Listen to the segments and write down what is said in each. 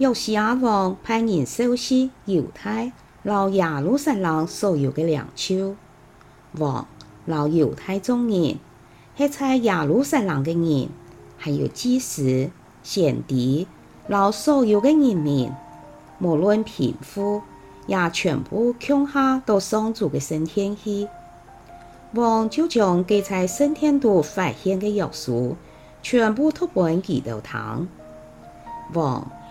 有時阿、啊、王派人收拾猶太、老耶路撒冷所有的長老，王老猶太中人，還在耶路撒冷嘅人，還有祭司、先知，老所有嘅人民，無論貧富，也全部共下到上主嘅聖殿去。王就將佮在聖殿度發現嘅約書，全部托搬幾道堂，王。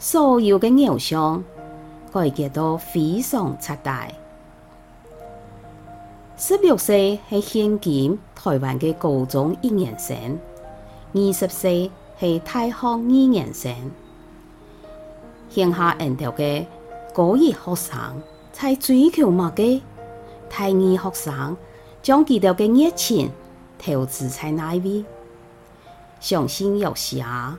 所有的偶像改革都非常徹底。十六歲係現今台灣嘅高中一年級生，二十四係大學二年級生。鄉下學校嘅高一學生在追求乜嘢，大二學生將佢哋嘅熱情投資在哪位？相信有戲啊！